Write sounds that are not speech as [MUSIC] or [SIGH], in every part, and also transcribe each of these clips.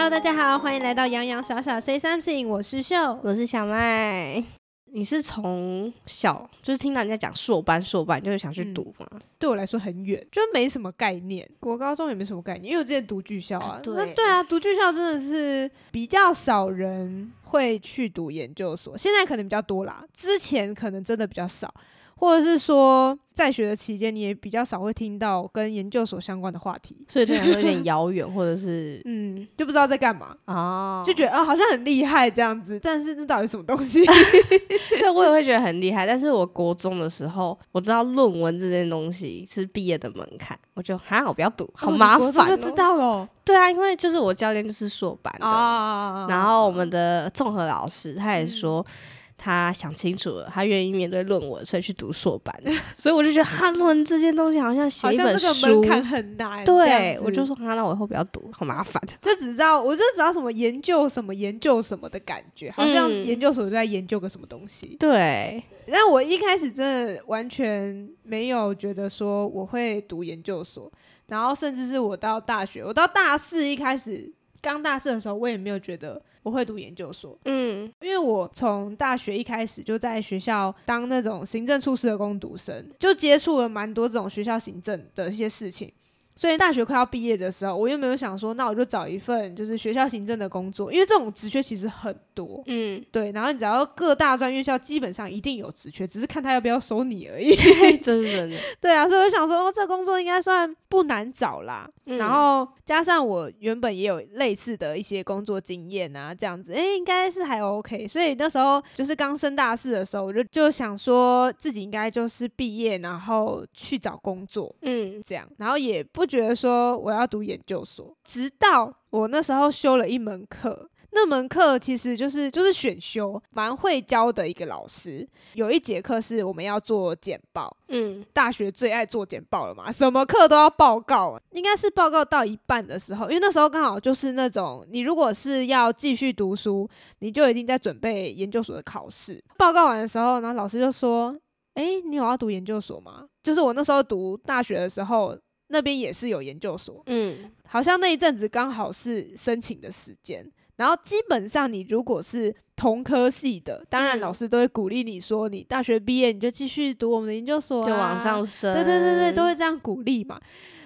Hello，大家好，歡迎來到洋洋小小 Say Something。我是秀，我是小麥。你是從小就是聽到人家講碩班、碩班，就是想去讀嘛，嗯？對我來說很遠，就沒什麼概念。國高中也沒什麼概念，因為我之前讀技校啊。啊對那對啊，讀技校真的是比較少人會去讀研究所，現在可能比較多啦。之前可能真的比較少。或者是說，在學的期間，你也比較少會聽到跟研究所相關的話題，所以聽起來有點遙遠，或者是 [LAUGHS] 嗯，就不知道在幹嘛啊，就覺得啊、哦，好像很厲害這樣子，但是那到底什麼東西？ [LAUGHS] [LAUGHS] 對，我也會覺得很厲害。但是，我國中的時候，我知道論文這件東西是畢業的門檻，我就還好，不要讀，好麻煩，我就，就知道了，對啊，因為就是我教練就是碩班啊，然後我們的綜合老師他也說。嗯他想清楚了，他願意面對論文，所以去讀碩班。嗯、所以我就覺得漢論、嗯、這件東西好像寫一本書，好像這個門檻很大。對，我就說漢那我以後不要讀，嗯、好麻煩。就只知道，我就知道什麼研究什麼研究什麼的感覺，好像研究所在研究個什麼東西。嗯、對，但我一開始真的完全沒有覺得說我會讀研究所，然後甚至是我到大學，我到大四一開始，剛大四的時候，我也沒有覺得。我會讀研究所，嗯，因為我從大學一開始就在學校當那種行政處室的工讀生，就接觸了蠻多這種學校行政的一些事情。所以大學快要畢業的時候，我又沒有想說，那我就找一份就是學校行政的工作，因為這種職缺其實很多，嗯，對。然後你只要各大專院校基本上一定有職缺，只是看他要不要收你而已。真的，真的，真的，對啊。所以我想說，哦，這個工作應該算不難找啦。嗯，然後加上我原本也有類似的一些工作經驗啊，這樣子，誒，欸，應該是還 OK。所以那時候就是剛升大四的時候，我就就想說自己應該就是畢業，然後去找工作，嗯，這樣，然後也不覺得說我要讀研究所，直到我那時候修了一門課，那門課其實就是就是選修，蠻會教的一個老師。有一節課是我們要做簡報，嗯，大學最愛做簡報了嘛，什麼課都要報告。應該是報告到一半的時候，因為那時候剛好就是那種你如果是要繼續讀書，你就已經在準備研究所的考試。報告完的時候，那老師就說：“哎，你有要讀研究所嗎？”就是我那時候讀大學的時候。那邊也是有研究所，嗯，好像那一陣子剛好是申請的時間，然後基本上你如果是同科系的，嗯、當然老師都會鼓勵你說，你大學畢業你就繼續讀我們的研究所、啊，就往上升，對對對對，都會這樣鼓勵嘛。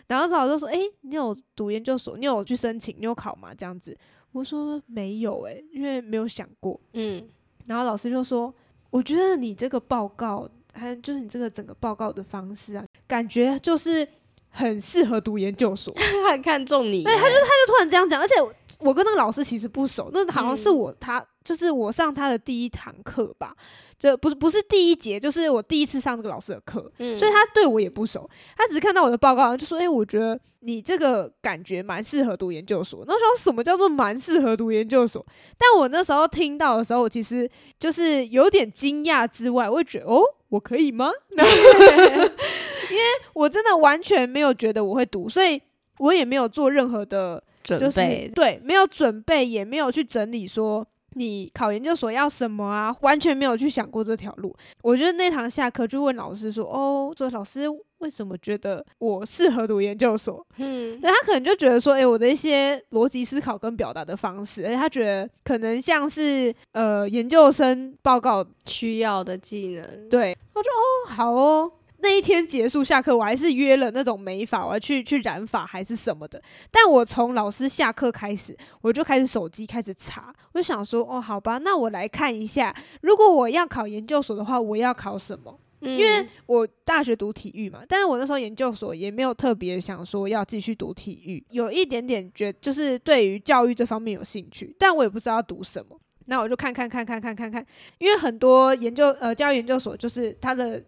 然後老師就說：“誒、欸，你有讀研究所？你有去申請？你有考嗎？”這樣子，我說沒有、欸，誒，因為沒有想過，嗯。然後老師就說：“我覺得你這個報告，還有就是你這個整個報告的方式啊，感覺就是。”很適合讀研究所， [LAUGHS] 他很看重你。對，他就他就突然這樣講，而且我跟那個老師其實不熟，那好像是我、嗯、他就是我上他的第一堂課吧，這不是不是第一節，就是我第一次上這個老師的課，嗯、所以他對我也不熟，他只是看到我的報告，就說：“哎、欸，我覺得你這個感覺蠻適合讀研究所。”那時候什麼叫做蠻適合讀研究所？但我那時候聽到的時候，我其實就是有點驚訝之外，我會覺得哦。我可以嗎？ [LAUGHS] [LAUGHS] [LAUGHS] 因為我真的完全沒有覺得我會讀，所以我也沒有做任何的、就是、準備，對，沒有準備，也沒有去整理說。你考研究所要什麼啊？完全沒有去想過這條路。我覺得那堂下課就問老師說：“哦，這位老師為什麼覺得我適合讀研究所？”嗯，那他可能就覺得說：“誒、欸，我的一些邏輯思考跟表達的方式，而且他覺得可能像是呃研究生報告需要的技能。”對，他就：“哦，好哦。”那一天結束下課，我還是約了那種美髮，我要去去染髮還是什麼的。但我從老師下課開始，我就開始手機開始查，我就想說，哦，好吧，那我來看一下，如果我要考研究所的話，我要考什麼？因為我大學讀體育嘛，但是我那時候研究所也沒有特別想說要繼續讀體育，有一點點覺得就是對於教育這方面有興趣，但我也不知道讀什麼，那我就看看看看看看看，因為很多研究呃教育研究所就是它的。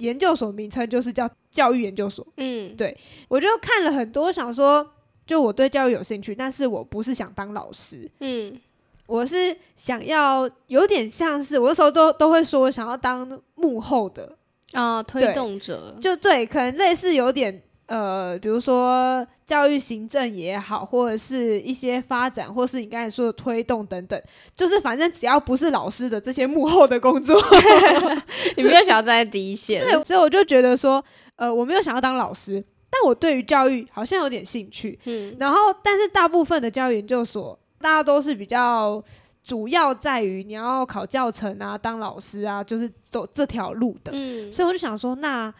研究所名稱就是叫教育研究所。嗯，對，我就看了很多，想說，就我對教育有興趣，但是我不是想當老師。嗯，我是想要有點像是，我有時候都都會說，想要當幕後的啊，推動者，就對，可能類似有點。呃，比如說教育行政也好，或者是一些發展，或是你剛才說的推動等等，就是反正只要不是老師的這些幕後的工作， [LAUGHS] [LAUGHS] 你沒有想要站在第一線。 [LAUGHS] 對，所以我就覺得說，呃，我沒有想要當老師，但我對於教育好像有點興趣。嗯，然後但是大部分的教育研究所，大家都是比較主要在於你要考教程啊，當老師啊，就是走這條路的。嗯，所以我就想說那。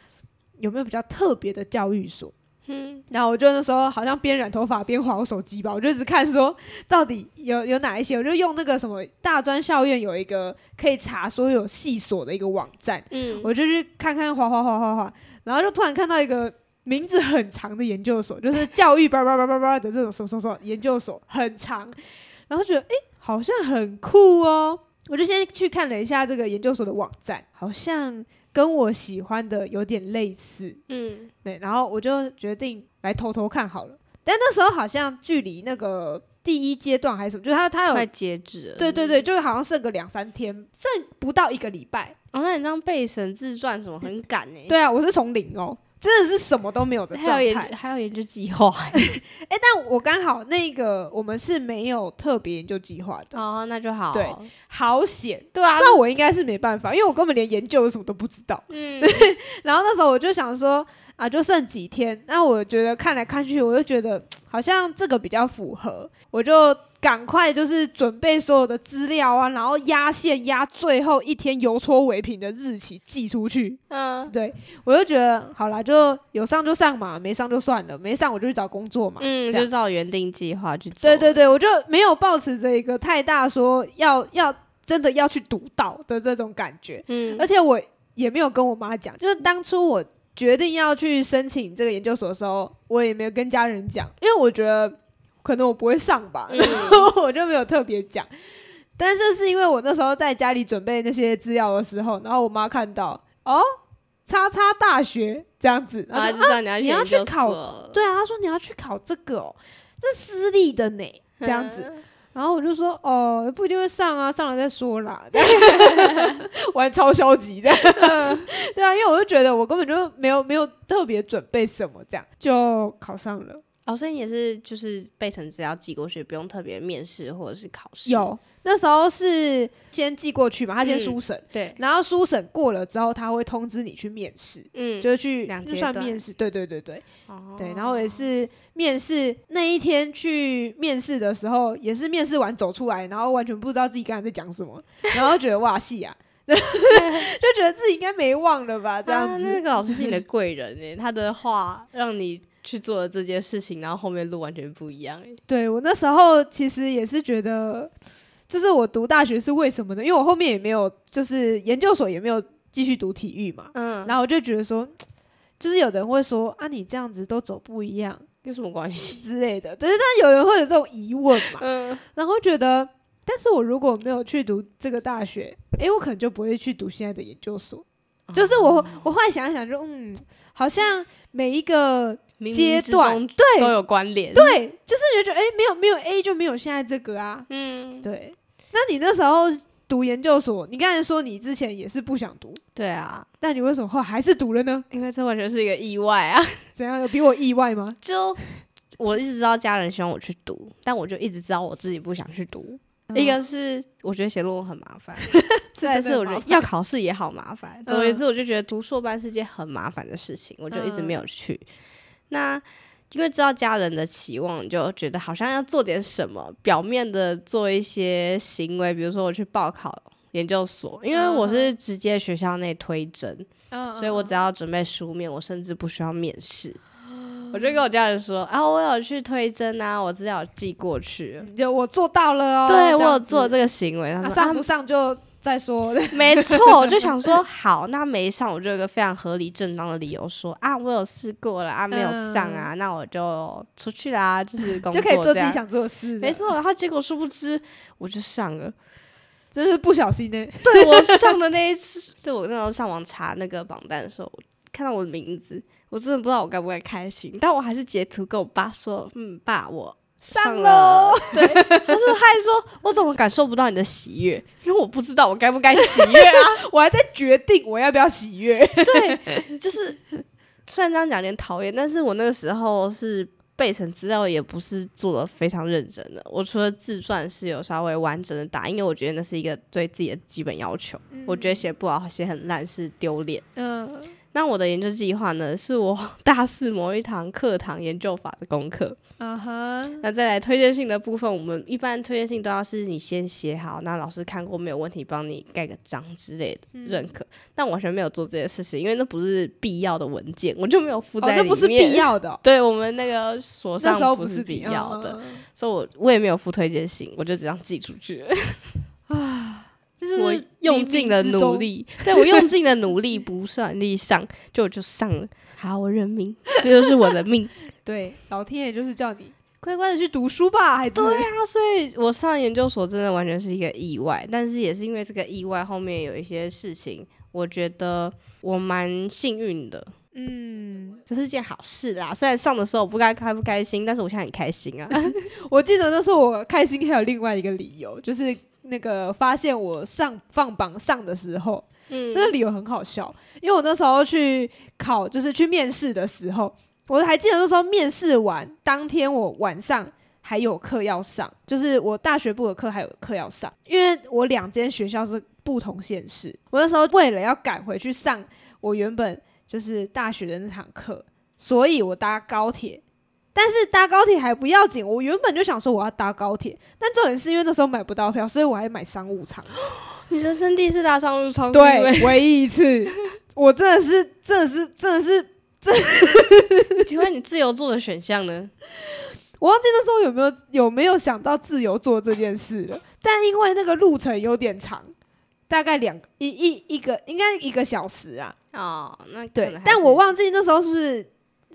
有沒有比較特別的教育所？嗯，然後我就那時候好像邊染頭髮邊划我手機吧，我就一直看說到底有有哪一些，我就用那個什麼大專校院有一個可以查所有系所的一個網站，嗯，我就去看看划划划划划，然後就突然看到一個名字很長的研究所，就是教育叭叭叭叭叭的這種什麼什麼什麼研究所，很長，然後覺得哎好像很酷哦，我就先去看了一下這個研究所的網站，好像。跟我喜歡的有點類似，嗯，對，然後我就決定來投投看好了。但那時候好像距離那個第一階段還是什麼，就他他有在截止，對對對，就是好像剩個兩三天，剩不到一個禮拜。哦，那你這樣備審自傳什麼很趕哎、欸？ [LAUGHS] 對啊，我是從零哦。真的是什麼都沒有的狀態，還要研究計劃，哎，但我剛好那個我們是沒有特別研究計劃的哦，oh, 那就好，對，好險，對啊，那我應該是沒辦法，因為我根本連研究有什麼都不知道，嗯， [LAUGHS] 然後那時候我就想說。啊，就剩幾天，那我覺得看來看去，我就覺得好像這個比較符合，我就趕快就是準備所有的資料啊，然後壓線壓最後一天郵戳為憑的日期寄出去。嗯、啊，對，我就覺得好啦，就有上就上嘛，沒上就算了，沒上我就去找工作嘛。嗯，樣就照原定計劃去做。對對對，我就沒有抱持着一個太大說要要真的要去讀到的這種感覺。嗯，而且我也沒有跟我媽講，就是當初我。決定要去申請這個研究所的時候，我也沒有跟家人講，因為我覺得可能我不會上吧，然後、嗯、 [LAUGHS] 我就沒有特別講。但是是因為我那時候在家裡準備那些資料的時候，然後我媽看到，哦，叉叉大學這樣子，然後說啊就，你要你、啊、你要去考，對啊，她說你要去考這個、哦，這是私立的呢，這樣子。呵呵然後我就說，哦，不一定會上啊，上了再說啦。 [LAUGHS] [LAUGHS] 玩超消極的、嗯，對啊，因為我就覺得我根本就沒有沒有特別準備什麼，這樣就考上了。哦、所以你也是，就是備審只要寄過去，不用特別面試或者是考試。有那時候是先寄過去嘛，他先書審、嗯，對，然後書審過了之後，他會通知你去面試，嗯，就是去就算面試，對，對對對對，哦、對，然後也是面試那一天去面試的時候，也是面試完走出來，然後完全不知道自己剛才在講什麼， [LAUGHS] 然後覺得哇戲啊， [LAUGHS] [LAUGHS] 就覺得自己應該沒忘了吧，啊、這樣子。那個老師、欸、是你的貴人哎，他的話讓你。去做了這件事情，然後後面路完全不一樣。對，我那時候其實也是覺得，就是我讀大學是為什麼呢？因為我後面也沒有，就是研究所也沒有繼續讀體育嘛。嗯。然後我就覺得說，就是有人會說啊，你這樣子都走不一樣，有什麼關係之類的？對，但有人會有這種疑問嘛。嗯。然後覺得，但是我如果沒有去讀這個大學，誒，我可能就不會去讀現在的研究所。嗯、就是我，我後來想想就，就嗯，好像每一個。階段，對，都有關聯，對，就是覺得哎，沒有沒有 A 就沒有現在這個啊，嗯，對。那你那時候讀研究所，你剛才說你之前也是不想讀，對啊。但你為什麼還是讀了呢？因為這完全是一個意外啊。怎樣有比我意外嗎？就我一直知道家人希望我去讀，但我就一直知道我自己不想去讀。一個是我覺得寫論文很麻煩，再來是我覺得要考試也好麻煩。總而言之，我就覺得讀碩班是件很麻煩的事情，我就一直沒有去。那因為知道家人的期望，就覺得好像要做點什麼，表面的做一些行為，比如說我去報考研究所，因為我是直接學校內推甄，uh uh. 所以我只要準備書面，我甚至不需要面試。Uh uh. 我就跟我家人說：“啊，我有去推甄啊，我資料寄過去，有我做到了哦，對我有做這個行為。他說：“啊，上不上就。”再說，沒錯，我就想說，好，那沒上，我就有一個非常合理正當的理由說啊，我有試過了啊，沒有上啊，嗯、那我就出去啦，就是工作就可以做自己想做的事，沒錯。然後結果殊不知，我就上了，真是不小心的、欸。對我上的那一次，對我那時候上網查那個榜單的時候，看到我的名字，我真的不知道我該不該開心，但我還是截圖跟我爸說，嗯，爸，我。上了，上了對，可 [LAUGHS] 是他還說：“我怎麼感受不到你的喜悅？因為我不知道我該不該喜悅啊， [LAUGHS] 我還在決定我要不要喜悅。” [LAUGHS] 對，就是雖然這樣講有點討厭，但是我那個時候是備審資料也不是做得非常認真的。我除了自傳是有稍微完整的打，因為我覺得那是一個對自己的基本要求。嗯、我覺得寫不好、寫很爛是丟臉。嗯，那我的研究計劃呢？是我大四某一堂課堂研究法的功課。啊哈，uh huh. 那再來推薦信的部分，我們一般推薦信都要是你先寫好，那老師看過沒有問題，幫你蓋個章之類的認可。嗯、但我全沒有做這件事情，因為那不是必要的文件，我就沒有附在裡面。哦、那不是必要的、哦，對我們那個所上不是必要的，要的啊、所以我我也沒有附推薦信，我就這樣寄出去啊，就是我用盡了努力，對我用盡了努力，不算力上 [LAUGHS] 就我就上了。好，我認命，這就是我的命。 [LAUGHS] 對，老天爺就是叫你乖乖的去讀書吧，還對，對啊。所以我上研究所真的完全是一個意外，但是也是因為這個意外，後面有一些事情，我覺得我蠻幸運的。嗯，這是件好事啦。雖然上的時候我不該開不開心，但是我現在很開心啊。 [LAUGHS] 我記得那時候我開心還有另外一個理由，就是那個發現我上放榜上的時候，嗯，那個理由很好笑，因為我那時候去考，就是去面試的時候。我還記得那時候面試完當天，我晚上還有課要上，就是我大學部的課還有課要上，因為我兩間學校是不同縣市。我那時候為了要趕回去上我原本就是大學的那堂課，所以我搭高鐵。但是搭高鐵還不要緊，我原本就想說我要搭高鐵，但重點是因為那時候買不到票，所以我還買商務艙。你人生第一次搭商務艙？對，唯一一次， [LAUGHS] 我真的是，真的是，真的是。這， [LAUGHS] 請問你自由座的選項呢？我忘記那時候有沒有有沒有想到自由座這件事了，但因為那個路程有點長，大概兩一一一個應該一個小時啊。哦，那對，但我忘記那時候是不是，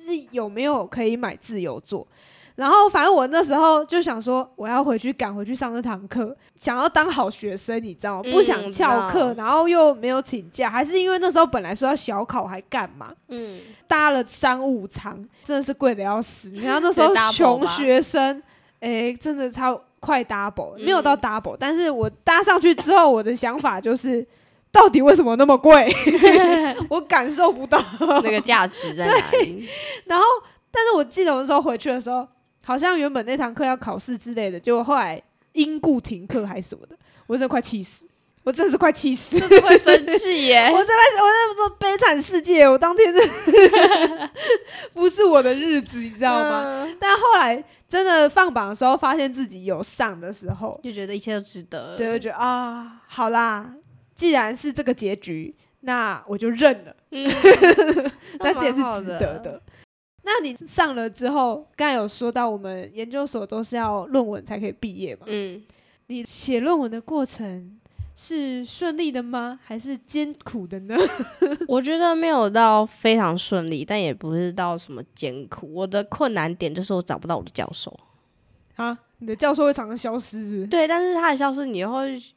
是有沒有可以買自由座。然後，反正我那時候就想說，我要回去趕回去上這堂課，想要當好學生，你知道嗎？不想翹課，嗯、然後又沒有請假，還是因為那時候本來說要小考，還幹嘛？嗯，搭了三五場，真的是貴的要死。然後那時候窮學生，哎、欸，真的超快 double，沒有到 double，、嗯、但是我搭上去之後，我的想法就是，到底為什麼那麼貴？ [LAUGHS] [LAUGHS] 我感受不到那個價值在哪裡。然後，但是我記得我那時候回去的時候。好像原本那堂課要考試之類的，結果後來因故停課還是什麼的，我真的快氣死！我真的是快氣死，真的會生氣耶！我在那，我在說悲慘世界，我當天是，不是我的日子，你知道嗎？嗯、但後來真的放榜的時候，發現自己有上的時候，就覺得一切都值得。對，我覺得啊，好啦，既然是這個結局，那我就認了。嗯、 [LAUGHS] [LAUGHS] 但這也是值得的。那你上了之後，剛才有說到我們研究所都是要論文才可以畢業嘛？嗯，你寫論文的過程是順利的嗎？還是艱苦的呢？ [LAUGHS] 我覺得沒有到非常順利，但也不是到什麼艱苦。我的困難點就是我找不到我的教授啊，你的教授會常常消失是不是？對，但是他的消失你以後，你會。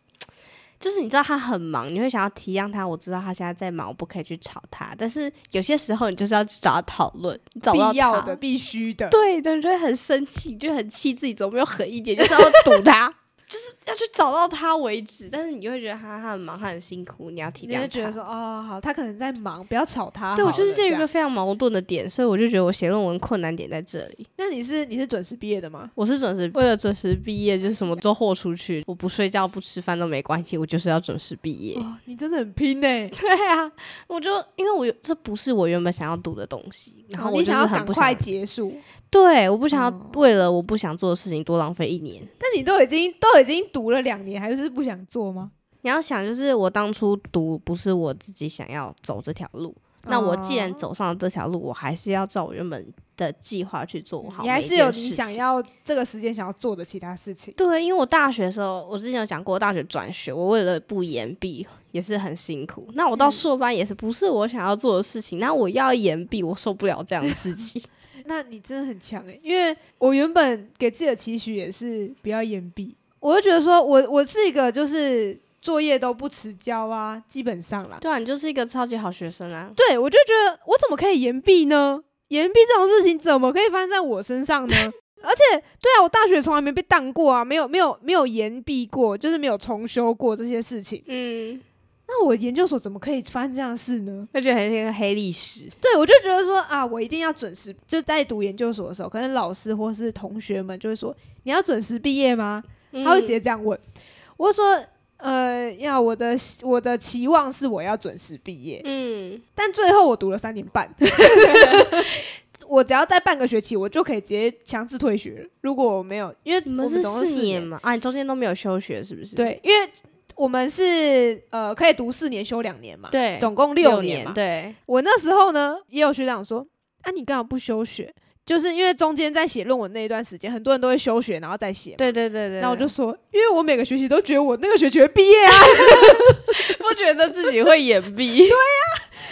就是你知道他很忙，你會想要體諒他。我知道他現在在忙，我不可以去吵他。但是有些時候，你就是要去找他討論，找必要的、必須的。對，對，你就會很生氣，就很氣自己怎麼沒有狠一點， [LAUGHS] 就是要堵他。就是要去找到他為止，但是你就會覺得他很忙，他很辛苦，你要體諒。你會覺得說，哦，好，他可能在忙，不要吵他。對，我就是這一個非常矛盾的點，這樣。所以我就覺得我寫論文困難點在這裡。那你是你是準時畢業的嗎？我是準時，為了準時畢業，就是什麼都豁出去，我不睡覺，不吃飯都沒關係，我就是要準時畢業。哇，你真的很拼欸！對啊，我就因為我這不是我原本想要讀的東西，然後我想要很快結束。對，我不想要為了我不想做的事情多浪費一年。嗯。但你都已經都已經讀了兩年，還是不想做嗎？你要想，就是我當初讀不是我自己想要走這條路，嗯。那我既然走上了這條路，我還是要照我原本的計劃去做好。你還是有你想要這個時間想要做的其他事情。對，因為我大學的時候，我之前有講過，大學轉學，我為了不延畢也是很辛苦。那我到碩班也是不是我想要做的事情？嗯。那我要延畢，我受不了這樣的自己。 [LAUGHS] 那你真的很強誒、欸，因為我原本給自己的期許也是比較延畢，我就覺得說我我是一個就是作業都不遲交啊，基本上啦。對啊，你就是一個超級好學生啊。對，我就覺得我怎麼可以延畢呢？延畢這種事情怎麼可以發生在我身上呢？ [LAUGHS] 而且，對啊，我大學從來沒被當過啊，沒有沒有沒有延畢過，就是沒有重修過這些事情。嗯。那我研究所怎麼可以發生這樣的事呢？那就很是一個黑歷史。對，我就覺得說啊，我一定要準時。就在讀研究所的時候，可能老師或是同學們就會說：“你要準時畢業嗎？”嗯、他會直接這樣問。我說：“呃，要我的我的期望是我要準時畢業。”嗯。但最後我讀了三年半，我只要在半個學期，我就可以直接強制退學。如果我沒有，因為你們是四年嘛，啊，你中間都沒有休學是不是？對，因為。我們是呃，可以讀四年，休兩年嘛，對，總共六年、六年。對，我那時候呢，也有學長說：“啊，你幹嘛不休學？”就是因為中間在寫論文那一段時間，很多人都會休學，然後再寫。對，對對對對。那我就說，因為我每個學期都覺得我那個學期會畢業啊， [LAUGHS] [LAUGHS] 不覺得自己會延畢。 [LAUGHS] 對呀、啊，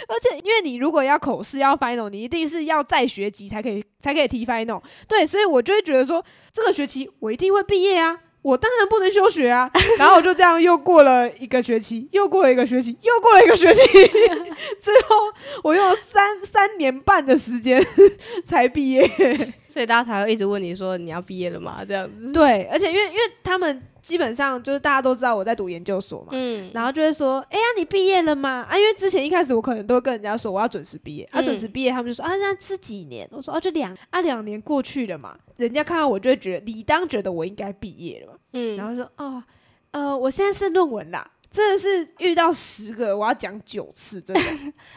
而且因為你如果要口試要 final，你一定是要在學籍才可以才可以提 final。對，所以我就會覺得說，這個學期我一定會畢業啊。我當然不能休學啊，然後我就這樣又過了一個學期， [LAUGHS] 又過了一個學期，又過了一個學期，又過了一個學期，最後我用三三年半的時間才畢業，所以大家才會一直問你說，你要畢業了嗎？這樣子。對，而且因為因為他們基本上就是大家都知道我在讀研究所嘛，嗯、然後就會說，哎呀，你畢業了嗎？啊，因為之前一開始我可能都跟人家說我要準時畢業，嗯、啊，準時畢業，他們就說啊，那這幾年，我說啊就，就兩啊兩年過去了嘛，人家看到我就會覺得理當覺得我應該畢業了嘛。嗯，然後說哦，呃，我現在是論文啦，真的是遇到十個我要講九次，真的。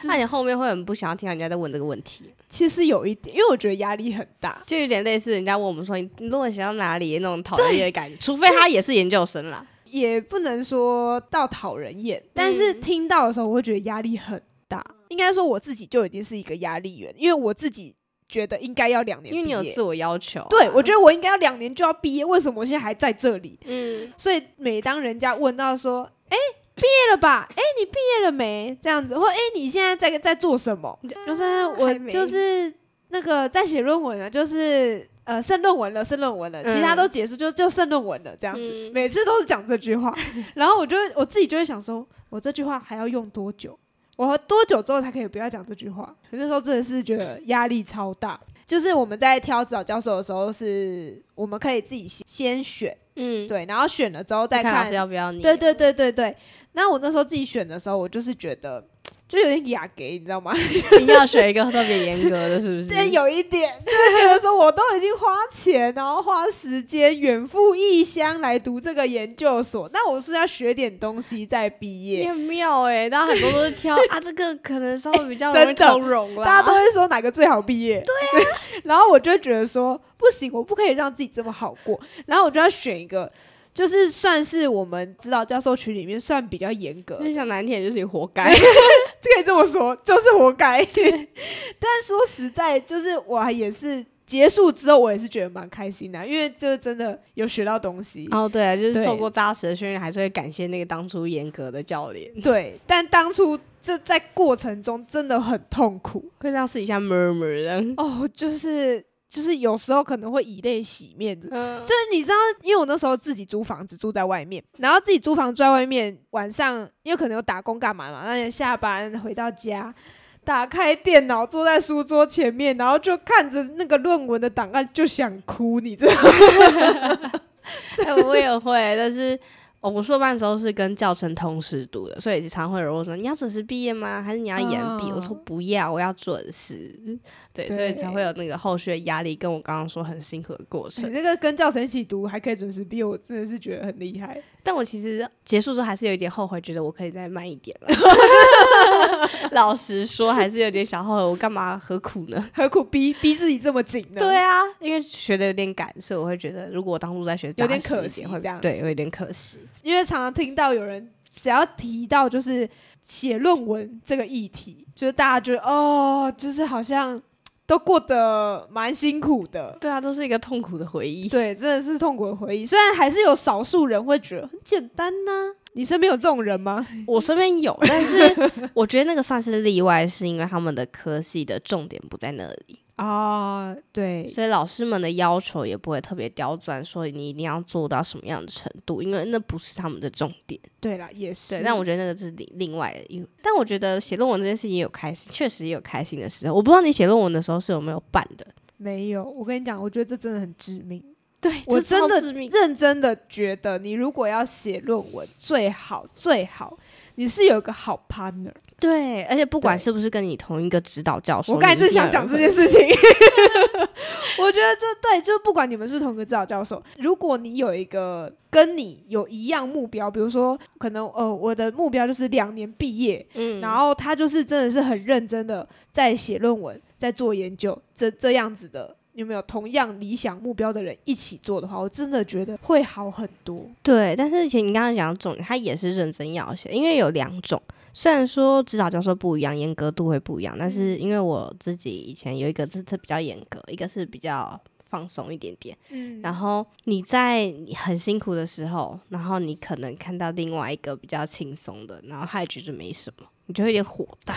那你後面會很不想要聽到人家在問這個問題？其實有一點，因為我覺得壓力很大，就有點類似人家問我們說你論文寫到哪裡那種討人厭的感覺。對除非他也是研究生啦， [LAUGHS] 也不能說到討人厭，嗯、但是聽到的時候我會覺得壓力很大。應該說我自己就已經是一個壓力源，因為我自己。覺得應該要兩年，因為你有自我要求、啊。對，我覺得我應該要兩年就要畢業，為什麼我現在還在這裡？嗯，所以每當人家問到說：“誒、欸，畢業了吧？誒、欸，你畢業了沒？”這樣子，或“誒、欸，你現在在在做什麼？”就是、嗯、我就是那個在寫論文啊，就是呃，剩論文了，剩論文了，其他都結束就，嗯、就就剩論文了。”這樣子，每次都是講這句話，嗯、 [LAUGHS] 然後我就我自己就會想說：“我這句話還要用多久？”我多久之後才可以不要講這句話？我那時候真的是覺得壓力超大。就是我們在挑指導教授的時候，是我們可以自己先先選，嗯，對，然後選了之後再看，看要不要你。對對對對對。那我那時候自己選的時候，我就是覺得。就有點雅給，你知道嗎？一定要選一個特別嚴格的， [LAUGHS] 是不是？對，有一點，就是、覺得說我都已經花錢，然後花時間遠赴異鄉來讀這個研究所，那我是要學點東西再畢業。也很妙哎、欸，然後很多都是挑 [LAUGHS] 啊，這個可能稍微比較容易通融了，大家都會說哪個最好畢業。 [LAUGHS] 對啊對，然後我就覺得說不行，我不可以讓自己這麼好過，然後我就要選一個。就是算是我們知道教授群裡面算比較嚴格，就像南田就是你活該， [LAUGHS] [LAUGHS] 可以這麼說，就是活該。對 [LAUGHS] 但說實在，就是我也是結束之後，我也是覺得蠻開心的，因為就是真的有學到東西。哦，對啊，就是受過紮實的訓練，還是會感謝那個當初嚴格的教練。對， [LAUGHS] 但當初這在過程中真的很痛苦，可會像是一下悶悶 ur 的。哦，就是。就是有時候可能會以淚洗面的，嗯、就是你知道，因為我那時候自己租房子住在外面，然後自己租房住在外面，晚上因為可能有打工幹嘛嘛，那天下班回到家，打開電腦坐在書桌前面，然後就看着那個論文的檔案就想哭，你知道嗎？對、我也會，但是、 [LAUGHS] 哦、我們碩班的時候是跟教程同時讀的，所以常會有人說：“你要準時畢業嗎？還是你要延畢？”嗯、我說：“不要，我要準時。”對，對，所以才會有那個後續的壓力，跟我剛剛說很辛苦的過程。你這、欸，那個跟教程一起讀，還可以準時畢業，我真的是覺得很厲害。但我其實結束之後還是有一點後悔，覺得我可以再慢一點了。老實說，還是有點小後悔。是我幹嘛何苦呢？何苦逼逼自己這麼緊呢？對啊，因為學的有點趕，所以我會覺得，如果我當初在學，有點可惜，會這樣對，有一點可惜。因為常常聽到有人只要提到就是寫論文這個議題，就是大家覺得哦，就是好像。都過得蠻辛苦的，對啊，都是一個痛苦的回憶，對，真的是痛苦的回憶。雖然還是有少數人會覺得很簡單呢、啊。你身邊有這種人嗎？我身邊有，但是我覺得那個算是例外， [LAUGHS] 是因為他們的科系的重點不在那裡啊。對，所以老師們的要求也不會特別刁鑽，說你一定要做到什麼樣的程度，因為那不是他們的重點。對啦，也是。但我覺得那個是另另外的一，但我覺得寫論文這件事情也有開心，確實也有開心的時候。我不知道你寫論文的時候是有沒有辦的？沒有。我跟你講，我覺得這真的很致命。對，我真的認真的覺得，你如果要寫論文，最好最好你是有一個好 partner。對，而且不管是不是跟你同一個指導教授，我剛才是想講這件事情。 [LAUGHS] [LAUGHS] 我覺得就對，就不管你們是，不是同一個指導教授，如果你有一個跟你有一樣目標，比如說可能呃我的目標就是兩年畢業，嗯，然後他就是真的是很認真的在寫論文，在做研究，這這樣子的。有沒有同樣理想目標的人一起做的話，我真的覺得會好很多。對，但是以前你剛剛講的重點，他也是認真要寫，因為有兩種，雖然說指導教授不一樣，嚴格度會不一樣，但是因為我自己以前有一個，這次比較嚴格，一個是比較放鬆一點點，嗯，然後你在很辛苦的時候，然後你可能看到另外一個比較輕鬆的，然後他也覺得沒什麼。你就會有點火大，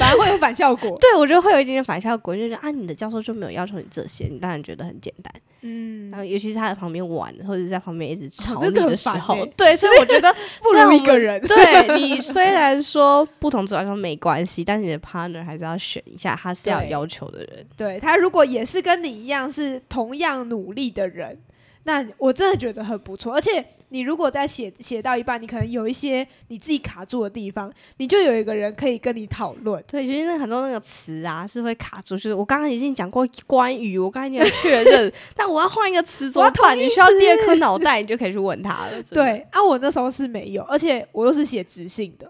反而會有反效果。對，我覺得會有一點點反效果，就是啊，你的教授就沒有要求你這些，你當然覺得很簡單。嗯，然後尤其是他在旁邊玩，或者在旁邊一直吵你、哦，那個很煩欸、的時候，對，所以我覺得以不如一個人。對 [LAUGHS] 你雖然說，不， [LAUGHS] 雖然說不同專業說沒關係，但你的 partner 還是要選一下，他是要有要求的人。對，對他如果也是跟你一樣是同樣努力的人。那我真的覺得很不錯，而且你如果在寫寫到一半，你可能有一些你自己卡住的地方，你就有一個人可以跟你討論。對，其實很多那個詞啊是會卡住，就是我剛剛已經講過關於我剛剛已經確認， [LAUGHS] 但我要換一個詞，怎麼突然你需要第二顆腦袋，你就可以去問他了。對啊，我那時候是沒有，而且我又是寫質性的，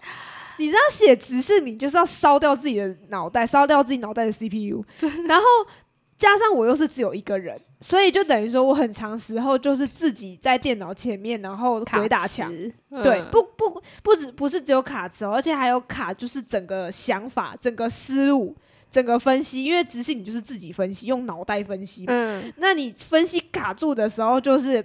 你知道寫質性你就是要燒掉自己的腦袋，燒掉自己腦袋的 CPU，的然後。加上我又是只有一個人，所以就等於說我很長時候就是自己在電腦前面，然後鬼打牆，卡詞。對，嗯、不不不止，不是只有卡詞，而且還有卡，就是整個想法、整個思路、整個分析。因為質性你就是自己分析，用腦袋分析嘛。嗯、那你分析卡住的時候，就是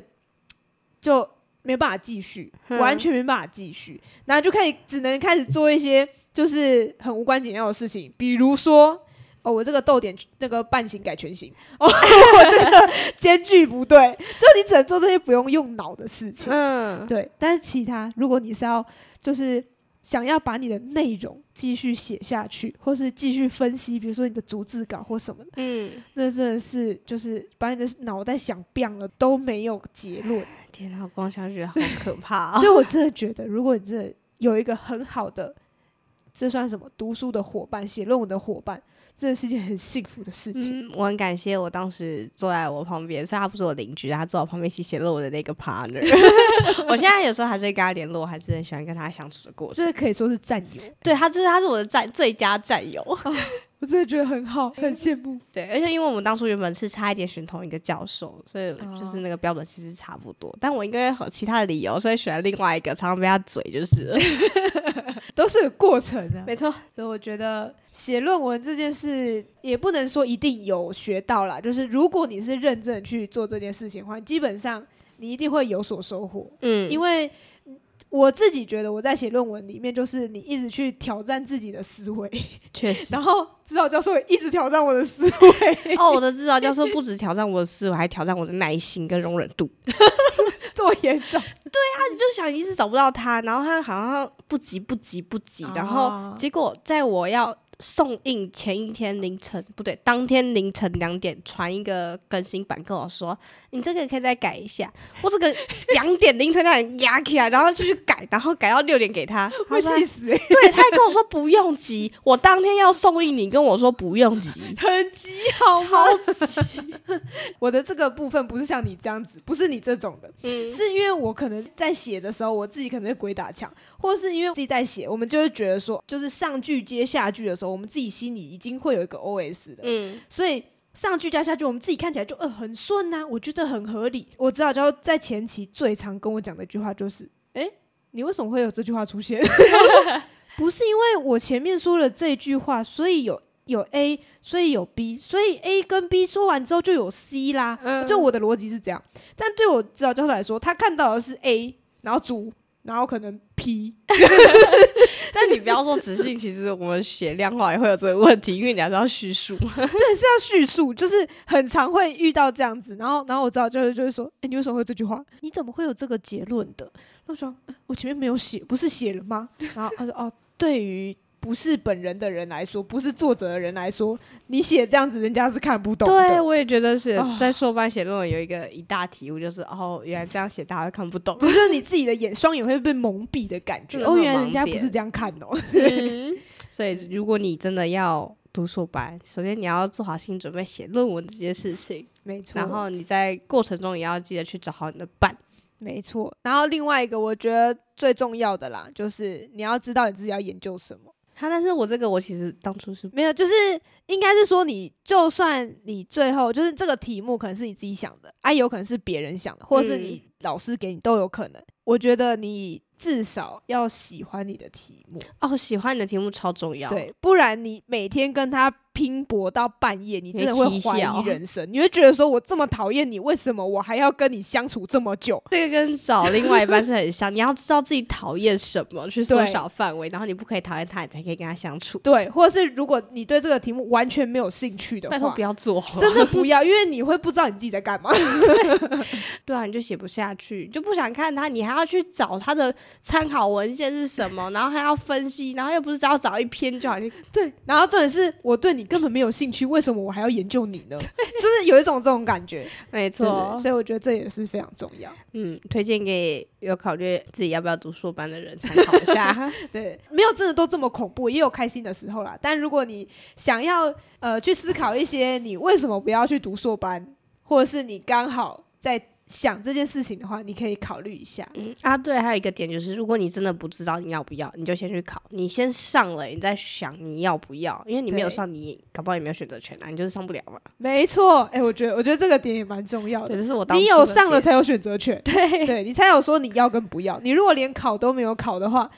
就沒辦法繼續，完全沒辦法繼續，嗯、然後就可以只能開始做一些就是很無關緊要的事情，比如說。哦，我這個逗點那個半形，改全形，哦， [LAUGHS] [LAUGHS] 我這個間距不對。就你只能做這些不用用腦的事情，嗯，對。但是其他，如果你是要就是想要把你的內容繼續寫下去，或是繼續分析，比如說你的逐字稿或什麼，嗯，那真的是就是把你的腦袋想遍了都沒有結論。天啊，光想覺得好可怕哦。 [LAUGHS] 所以，我真的覺得，如果你真的有一個很好的，這算什麼？讀書的夥伴，寫論文的夥伴。這是件很幸福的事情。嗯，我很感謝我當時坐在我旁邊，雖然他不是我鄰居，他坐我旁邊一起寫我的那個 partner。 [LAUGHS] [LAUGHS] 我現在有時候還是跟他聯絡，還是很喜歡跟他相處的過程，這可以說是戰友。對，他就是他是我的戰，最佳戰友。 [LAUGHS] [LAUGHS] 我真的覺得很好，很羨慕。 [LAUGHS] 對，而且因為我們當初原本是差一點選同一個教授，所以就是那個標準其實差不多。哦、但我應該有其他的理由，所以選了另外一個，常常被他嘴就是 [LAUGHS] 都是過程的。沒錯，所以我覺得寫論文這件事也不能說一定有學到啦。就是如果你是認真去做這件事情的話，基本上你一定會有所收穫。嗯，因為。我自己覺得我在寫論文裡面，就是你一直去挑戰自己的思維，確實。然後指導教授也一直挑戰我的思維。 [LAUGHS] 哦，我的指導教授不止挑戰我的思維， [LAUGHS] 還挑戰我的耐心跟容忍度。這麼嚴重？ [LAUGHS] 對啊，你就想你一直找不到他，然後他好像不急不急不急，不急哦、然後結果在我要，送印前一天凌晨不對，當天凌晨兩點傳一個更新版跟我說，你這個可以再改一下。我這個兩點凌晨兩點壓起來，然後就去改，然後改到六點給他，好會氣死、欸對。對他還跟我說不用急， [LAUGHS] 我當天要送印，你跟我說不用急，很急，好，超急 [LAUGHS] 我的這個部分不是像你這樣子，不是你這種的，嗯，是因為我可能在寫的時候，我自己可能會鬼打牆，或者是因為我自己在寫，我們就會覺得說，就是上句接下句的時候。我們自己心裡已經會有一個 O S 的， 嗯、 所以上句加下句，我們自己看起來就呃很順啊，我覺得很合理。我指導教授就在前期最常跟我講的一句話就是：哎誒，你為什麼會有這句話出現？ [LAUGHS] [LAUGHS] 不是因為我前面說了這句話，所以有有 A，所以有 B，所以 A 跟 B 說完之後就有 C 啦，嗯、就我的邏輯是這樣。但對我指導教授來說，他看到的是 A，然後主。然後可能批， [LAUGHS] [LAUGHS] 但你不要說質性 [LAUGHS] 其實我們寫量化也會有這個問題，因為你要是要敘述 [LAUGHS] 對，是要敘述，就是很常會遇到這樣子。然後，然後我知道就會就是說，哎、欸，你為什麼會有這句話？你怎麼會有這個結論的？他說我前面沒有寫，不是寫了嗎？然後他說哦，對於。不是本人的人來說，不是作者的人來說，你寫這樣子，人家是看不懂的。對，我也覺得是、哦、在碩班寫論文有一個一大題目就是哦，原來這樣寫大家看不懂，不是你自己的眼雙 [LAUGHS] 眼會被蒙蔽的感覺。嗯、哦，原來人家不是這樣看哦。嗯、 [LAUGHS] 所以，如果你真的要讀碩班，首先你要做好心理準備，寫論文這件事情、嗯、沒錯。然後你在過程中也要記得去找好你的伴，沒錯。然後另外一個我覺得最重要的啦，就是你要知道你自己要研究什麼。他、啊，但是我這個我其實當初是沒有，就是應該是說你，就算你最後就是這個題目可能是你自己想的，哎、啊，有可能是別人想的，或者是你老師給你都有可能。嗯、我覺得你至少要喜歡你的題目哦，喜歡你的題目超重要，對，不然你每天跟他。拼搏到半夜，你真的會懷疑人生，你會覺得說：“我這麼討厭你，為什麼我還要跟你相處這麼久？”這個跟找另外一半是很像， [LAUGHS] 你要知道自己討厭什麼，去縮小範圍，然後你不可以討厭他，你才可以跟他相處。對，或者是如果你對這個題目完全沒有興趣的話，拜托不要做好了，真的不要，因為你會不知道你自己在幹嘛。 [LAUGHS] 對，對啊，你就寫不下去，就不想看他，你還要去找他的參考文獻是什麼，然後還要分析，然後又不是只要找一篇就好，你對。然後重點是我對你，你根本沒有興趣，為什麼我還要研究你呢？ [LAUGHS] 就是有一種這種感覺，沒錯。所以我覺得這也是非常重要。嗯，推薦給有考慮自己要不要讀碩班的人參考一下。 [LAUGHS] [LAUGHS] 對，沒有真的都這麼恐怖，也有開心的時候啦。但如果你想要呃去思考一些，你為什麼不要去讀碩班，或者是你剛好在。想這件事情的話，你可以考慮一下。嗯啊，對，還有一個點就是，如果你真的不知道你要不要，你就先去考，你先上了，欸，你再想你要不要。因為你沒有上，對你搞不好也沒有選擇權啊，你就是上不了嘛。沒錯，誒、欸，我覺得我覺得這個點也蠻重要的，是我當你有上了才有選擇權，對對，你才有說你要跟不要。你如果連考都沒有考的話。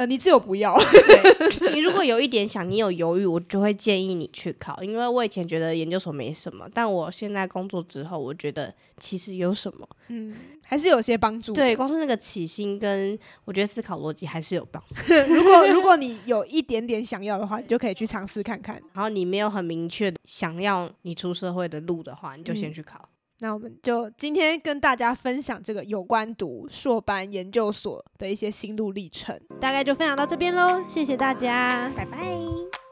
呃、你只有不要。對 [LAUGHS] 你如果有一點想，你有猶豫，我就會建議你去考，因為我以前覺得研究所沒什麼，但我現在工作之後，我覺得其實有什麼，嗯，還是有些幫助。對，光是那個起薪跟我覺得思考邏輯還是有幫助。 [LAUGHS] 如果，如果你有一點點想要的話，你就可以去嘗試看看。然後你沒有很明確想要你出社會的路的話，你就先去考。嗯那我們就今天跟大家分享這個有關讀碩班研究所的一些心路歷程，大概就分享到這邊嘍，謝謝大家，拜拜。拜拜。